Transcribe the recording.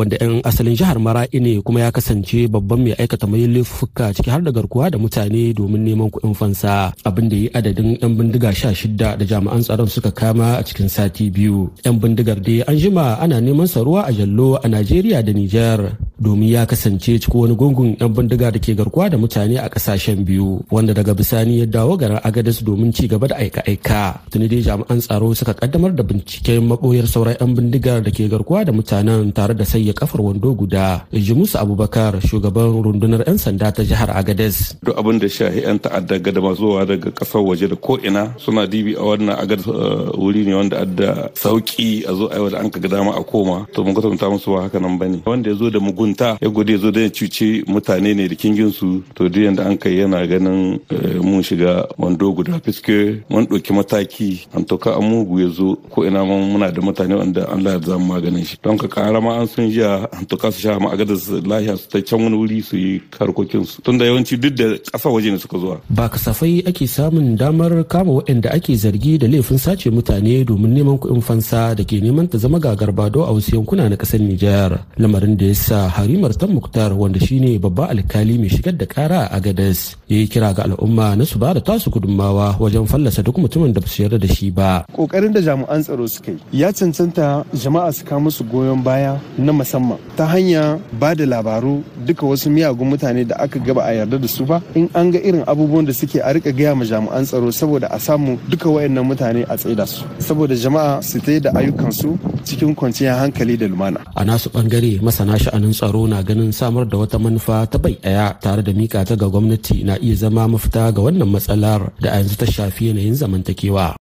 wanda 'yan asalin jihar mara'i ne kuma ya kasance babban mai aikata mai laifuka ciki har da garkuwa da mutane domin neman kuɗin fansa abin da yi adadin 'yan bindiga sha shida da jami'an tsaron suka kama a cikin sati biyu 'yan bindigar dai an jima ana neman saruwa a jallo a najeriya da nijar domin ya kasance ciki wani gungun 'yan bindiga da ke garkuwa da mutane a kasashen biyu wanda daga bisani ya dawo garin agadis domin ci gaba da aika-aika tuni dai jami'an tsaro suka kaddamar da binciken maboyar sauran 'yan bindigar da ke garkuwa da mutanen tare da sanya kafar wando guda ji musu abubakar shugaban rundunar 'yan sanda ta jihar agadis duk abin da shahi 'yan ta'adda gada masu zuwa daga kasar waje da ko ina suna dibi a wannan agadis eh, wuri ne wanda adda sauki a zo wa da an ka ga dama a koma to mun kasanta musu ba haka nan bane wanda ya zo da mugun mugunta ya gode zo da ya cuce mutane ne da kingin su to duk yanda an kai yana ganin eh, mun shiga wando guda fiske mun ɗauki mataki an toka an mugu ya zo ko ina muna da mutane wanda Allah ya zama maganin shi don ka kara ma an sun jiya an toka su sha ma'agada su lahiya su ta can wani wuri su yi karkokin su tunda yawanci duk da ƙasa waje ne suka zuwa. Ba kasafai ake samun damar kama waɗanda ake zargi da laifin sace mutane domin neman kuɗin fansa da ke neman ta zama gagarba do a wasu yankuna na ƙasar Nijar lamarin da ya sa harimar tan muktar wanda shine babba alkali mai shigar da kara a gadas ya yi kira ga al'umma na su bada tasu gudunmawa wajen fallasa duk mutumin da ba su yarda da shi ba kokarin da jami'an tsaro suka yi ya cancanta jama'a su kawo musu goyon baya na musamman ta hanya ba da labaru duka wasu miyagun mutane da aka gaba a yarda da su ba in an ga irin abubuwan da suke a rika gaya ma jami'an tsaro saboda a samu duka wayannan mutane a tsaida su saboda jama'a su ta da ayyukan su cikin kwanciyar hankali da lumana a nasu bangare masana sha'anin tsaro tsaro na ganin samar da wata manufa ta bai ɗaya tare da mika ta ga gwamnati na iya zama mafita ga wannan matsalar da a yanzu ta shafi yanayin zamantakewa